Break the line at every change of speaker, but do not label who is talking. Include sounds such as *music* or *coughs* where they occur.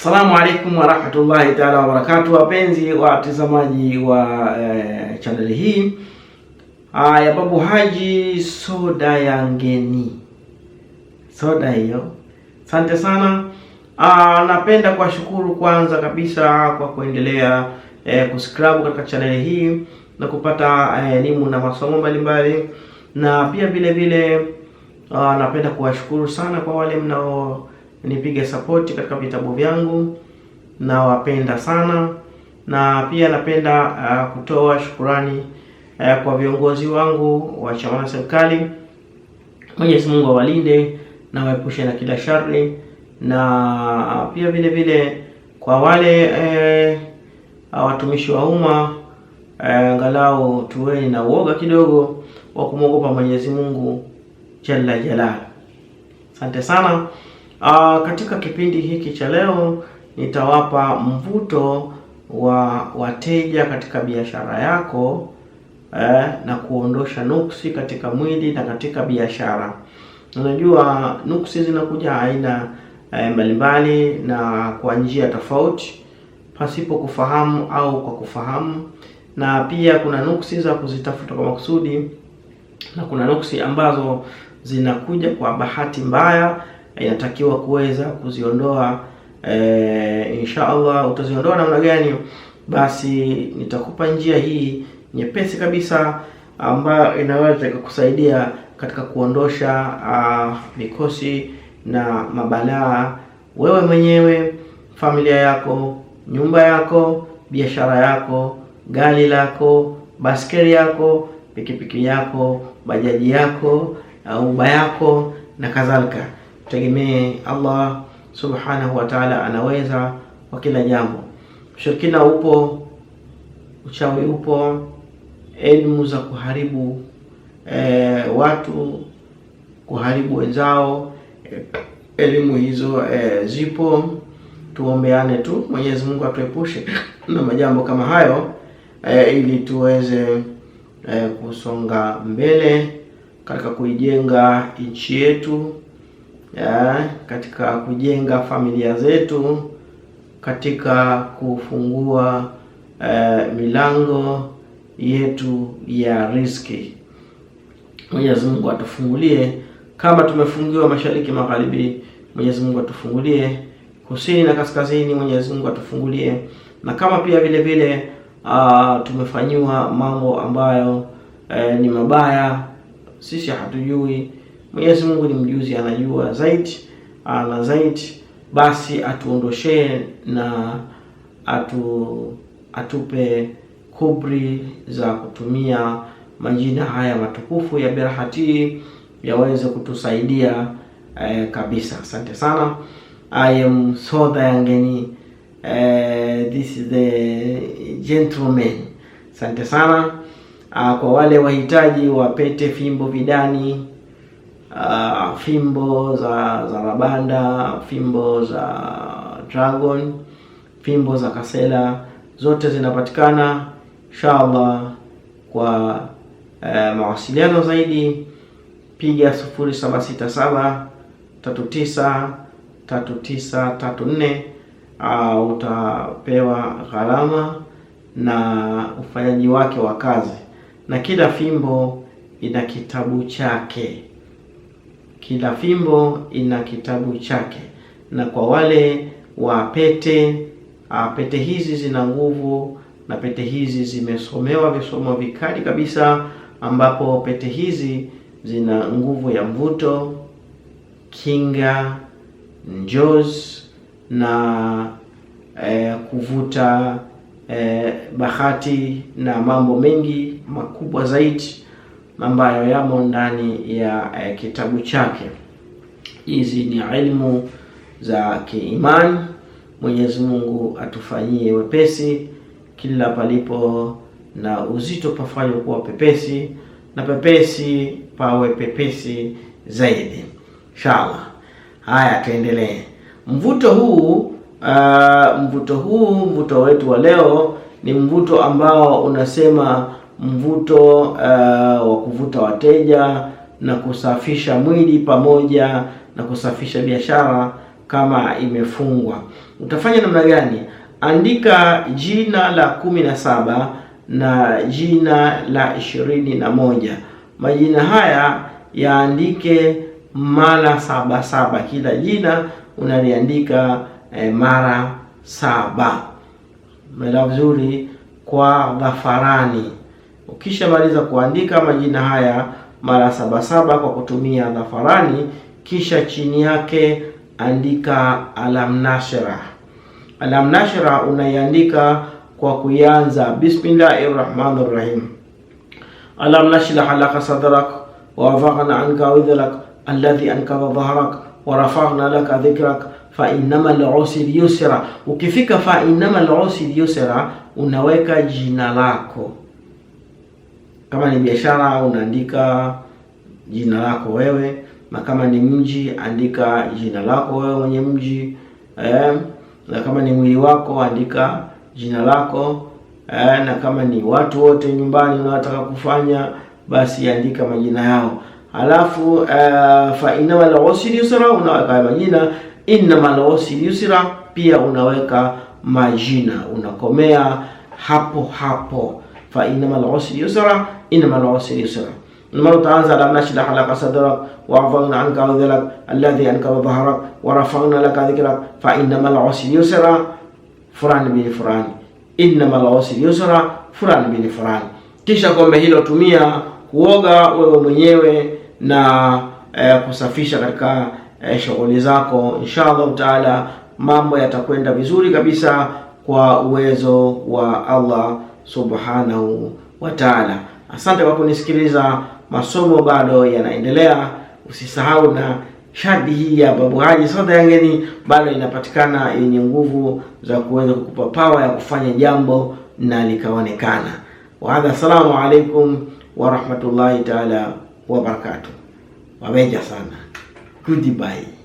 asalamu alaikum warahmatullahi taala wabarakatu, wapenzi watazamaji wa e, eh, chaneli hii ah, ya Babu Haji, soda ya ngeni, soda hiyo. Asante sana. ah, napenda kuwashukuru kwanza kabisa kwa kuendelea eh, kusubscribe katika chaneli hii na kupata eh, elimu na masomo mbalimbali, na pia vile vile ah, napenda kuwashukuru sana kwa wale mnao nipige support katika vitabu vyangu. Nawapenda sana na pia napenda uh, kutoa shukurani uh, kwa viongozi wangu wa chama na serikali. Mwenyezi Mungu awalinde na waepushe na kila shari, na pia vile vile kwa wale eh, watumishi wa umma uh, angalau tuweni na uoga kidogo wa kumwogopa Mwenyezi Mungu jalla jalala. Asante sana. Uh, katika kipindi hiki cha leo nitawapa mvuto wa wateja katika biashara yako eh, na kuondosha nuksi katika mwili na katika biashara. Unajua nuksi zinakuja aina eh, mbalimbali na kwa njia tofauti pasipo kufahamu au kwa kufahamu, na pia kuna nuksi za kuzitafuta kwa makusudi na kuna nuksi ambazo zinakuja kwa bahati mbaya inatakiwa kuweza kuziondoa. E, insha Allah utaziondoa namna gani? Basi nitakupa njia hii nyepesi kabisa ambayo inaweza ikakusaidia katika kuondosha vikosi ah, na mabalaa, wewe mwenyewe, familia yako, nyumba yako, biashara yako, gari lako, baskeli yako, pikipiki yako, bajaji yako, uba yako na kadhalika tutegemee Allah subhanahu wa ta'ala, anaweza kwa kila jambo. Ushirikina upo, uchawi upo, elimu za kuharibu e, watu kuharibu wenzao, eh, elimu hizo e, zipo. Tuombeane tu Mwenyezi Mungu atuepushe *coughs* na majambo kama hayo e, ili tuweze e, kusonga mbele katika kuijenga nchi yetu ya, katika kujenga familia zetu, katika kufungua uh, milango yetu ya riziki. Mwenyezi Mungu atufungulie kama tumefungiwa mashariki magharibi, Mwenyezi Mungu atufungulie kusini na kaskazini, Mwenyezi Mungu atufungulie, na kama pia vile vile uh, tumefanyiwa mambo ambayo uh, ni mabaya, sisi hatujui Mwenyezi Mungu ni mjuzi, anajua zaidi, ana zaidi. Basi atuondoshee na atu atupe kubri za kutumia majina haya matukufu ya Berhati yaweze kutusaidia eh, kabisa. Asante sana. I am so dangeni eh, this is the gentleman. Asante sana. Ah, kwa wale wahitaji wa pete, fimbo, vidani uh, fimbo za za Rabanda, fimbo za Dragon, fimbo za Kasela zote zinapatikana inshallah. Kwa uh, mawasiliano zaidi piga 0767 39 3934 uh, utapewa gharama na ufanyaji wake wa kazi, na kila fimbo ina kitabu chake. Kila fimbo ina kitabu chake, na kwa wale wa pete a, ah, pete hizi zina nguvu, na pete hizi zimesomewa visomo vikali kabisa, ambapo pete hizi zina nguvu ya mvuto, kinga, njoz na e, kuvuta e, bahati na mambo mengi makubwa zaidi ambayo yamo ndani ya eh, kitabu chake. Hizi ni ilmu za kiimani. Mwenyezi Mungu atufanyie wepesi kila palipo na uzito pafanye kuwa pepesi na pepesi pawe pepesi zaidi inshallah. Haya, tuendelee mvuto huu uh, mvuto huu mvuto wetu wa leo ni mvuto ambao unasema mvuto uh, wa kuvuta wateja na kusafisha mwili pamoja na kusafisha biashara kama imefungwa. Utafanya namna gani? Andika jina la kumi na saba na jina la ishirini na moja. Majina haya yaandike mara saba saba, kila jina unaliandika eh, mara saba. Mela vizuri kwa Ghafarani. Ukishamaliza kuandika majina haya mara sabasaba kwa kutumia dhafarani, kisha chini yake andika alamnashra. Alamnashra unaiandika kwa kuianza bismillahir rahmanir rahim, alam nashrah laka sadrak wa wafaghna anka udhrak alladhi ankadha dhahrak wa rafa'na laka dhikrak fa innamal usri yusra. Ukifika fa innamal usri yusra, unaweka jina lako kama ni biashara unaandika jina lako wewe, na kama ni mji andika jina lako wewe mwenye mji eh, na kama ni mwili wako andika jina lako eh, na kama ni watu wote nyumbani unaotaka kufanya basi andika majina yao, alafu eh, fa innamal usri yusra, unaweka majina. Innamal usri yusra, pia unaweka majina, unakomea hapo hapo fa innamal usri yusra, innamal usri yusra. Nmaro taanza lam nashrah laka sadrak wa rafa'na anka dhikrak alladhi anka dhahrak wa rafa'na laka dhikrak fa innamal usri yusra furan bin furan innamal usri yusra furan bin furan. Kisha kombe hilo tumia kuoga wewe mwenyewe na e, kusafisha katika e, shughuli zako. Insha taala mambo yatakwenda vizuri kabisa kwa uwezo wa Allah subhanahu wa ta'ala. Asante kwa kunisikiliza, masomo bado yanaendelea. Usisahau na shadi hii ya Babu Haji Sada Yangeni bado inapatikana, yenye nguvu za kuweza kukupa pawa ya kufanya jambo na likaonekana. Wahadha, assalamu alaikum warahmatullahi taala wabarakatuh. Wameja sana, goodbye.